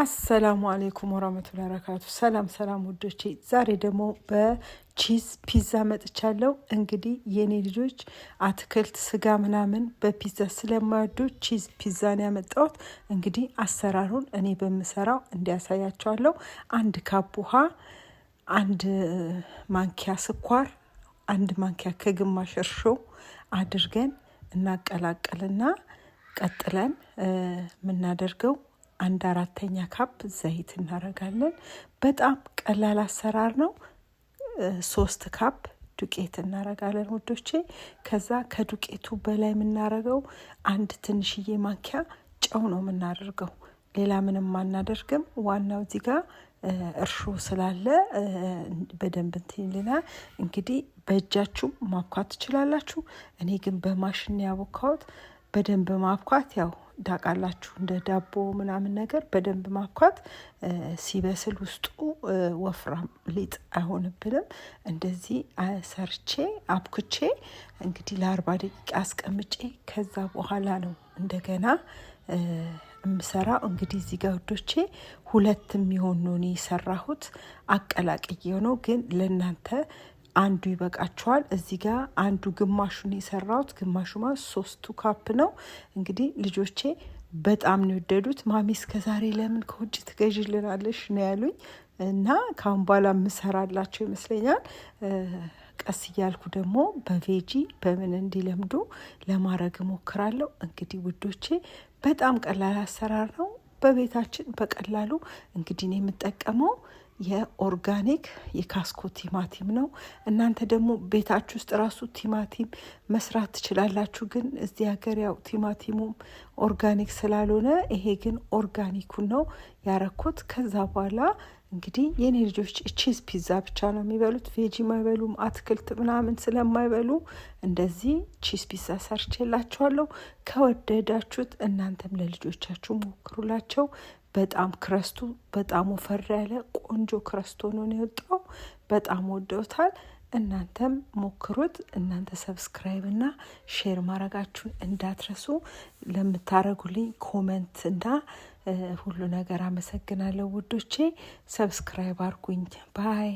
አሰላሙ አሌይኩም ወራመቱላ በረካቱ። ሰላም ሰላም ውዶቼ፣ ዛሬ ደግሞ በቺዝ ፒዛ መጥቻለሁ። እንግዲህ የኔ ልጆች አትክልት፣ ስጋ ምናምን በፒዛ ስለማይወዱ ቺዝ ፒዛ ነው ያመጣሁት። እንግዲህ አሰራሩን እኔ በምሰራው እንዲያሳያቸዋለሁ። አንድ ካፕ ውሃ፣ አንድ ማንኪያ ስኳር፣ አንድ ማንኪያ ከግማሽ እርሾ አድርገን እናቀላቀልና ቀጥለን የምናደርገው አንድ አራተኛ ካፕ ዘይት እናደርጋለን። በጣም ቀላል አሰራር ነው። ሶስት ካፕ ዱቄት እናረጋለን ውዶቼ። ከዛ ከዱቄቱ በላይ የምናረገው አንድ ትንሽዬ ማንኪያ ጨው ነው የምናደርገው። ሌላ ምንም አናደርግም። ዋናው እዚህ ጋር እርሾ ስላለ በደንብ እንትልና እንግዲህ በእጃችሁ ማብኳት ትችላላችሁ። እኔ ግን በማሽን ያቦካሁት በደንብ ማብኳት ያው ታውቃላችሁ እንደ ዳቦ ምናምን ነገር በደንብ ማብኳት ሲበስል ውስጡ ወፍራም ሊጥ አይሆንብንም። እንደዚህ ሰርቼ አብኩቼ እንግዲህ ለአርባ ደቂቃ አስቀምጬ ከዛ በኋላ ነው እንደገና የምሰራው። እንግዲህ እዚህ ጋር ውዶቼ ሁለት የሚሆን ነው እኔ የሰራሁት አቀላቅዬ ነው፣ ግን ለእናንተ አንዱ ይበቃቸዋል። እዚህ ጋር አንዱ ግማሹን የሰራሁት ግማሹ ማለት ሶስቱ ካፕ ነው። እንግዲህ ልጆቼ በጣም ነው የወደዱት። ማሚ እስከዛሬ ለምን ከውጭ ትገዥልናለሽ ነው ያሉኝ እና ካሁን በኋላ የምሰራላቸው ይመስለኛል። ቀስ እያልኩ ደግሞ በቬጂ በምን እንዲለምዱ ለማድረግ እሞክራለሁ። እንግዲህ ውዶቼ በጣም ቀላል አሰራር ነው። በቤታችን በቀላሉ እንግዲህ ነው የምጠቀመው የኦርጋኒክ የካስኮ ቲማቲም ነው። እናንተ ደግሞ ቤታችሁ ውስጥ ራሱ ቲማቲም መስራት ትችላላችሁ። ግን እዚህ ሀገር ያው ቲማቲሙ ኦርጋኒክ ስላልሆነ ይሄ ግን ኦርጋኒኩን ነው ያረኩት። ከዛ በኋላ እንግዲህ የኔ ልጆች ቺዝ ፒዛ ብቻ ነው የሚበሉት። ቬጂ ማይበሉም አትክልት ምናምን ስለማይበሉ እንደዚህ ቺዝ ፒዛ ሰርቼላችኋለሁ። ከወደዳችሁት እናንተም ለልጆቻችሁ ሞክሩላቸው። በጣም ክረስቱ በጣም ወፈር ያለ ቆንጆ ክረስቶ ነው የወጣው። በጣም ወደውታል። እናንተም ሞክሩት። እናንተ ሰብስክራይብ እና ሼር ማድረጋችሁን እንዳትረሱ። ለምታደረጉልኝ ኮመንት እና ሁሉ ነገር አመሰግናለሁ ውዶቼ። ሰብስክራይብ አርጉኝ ባይ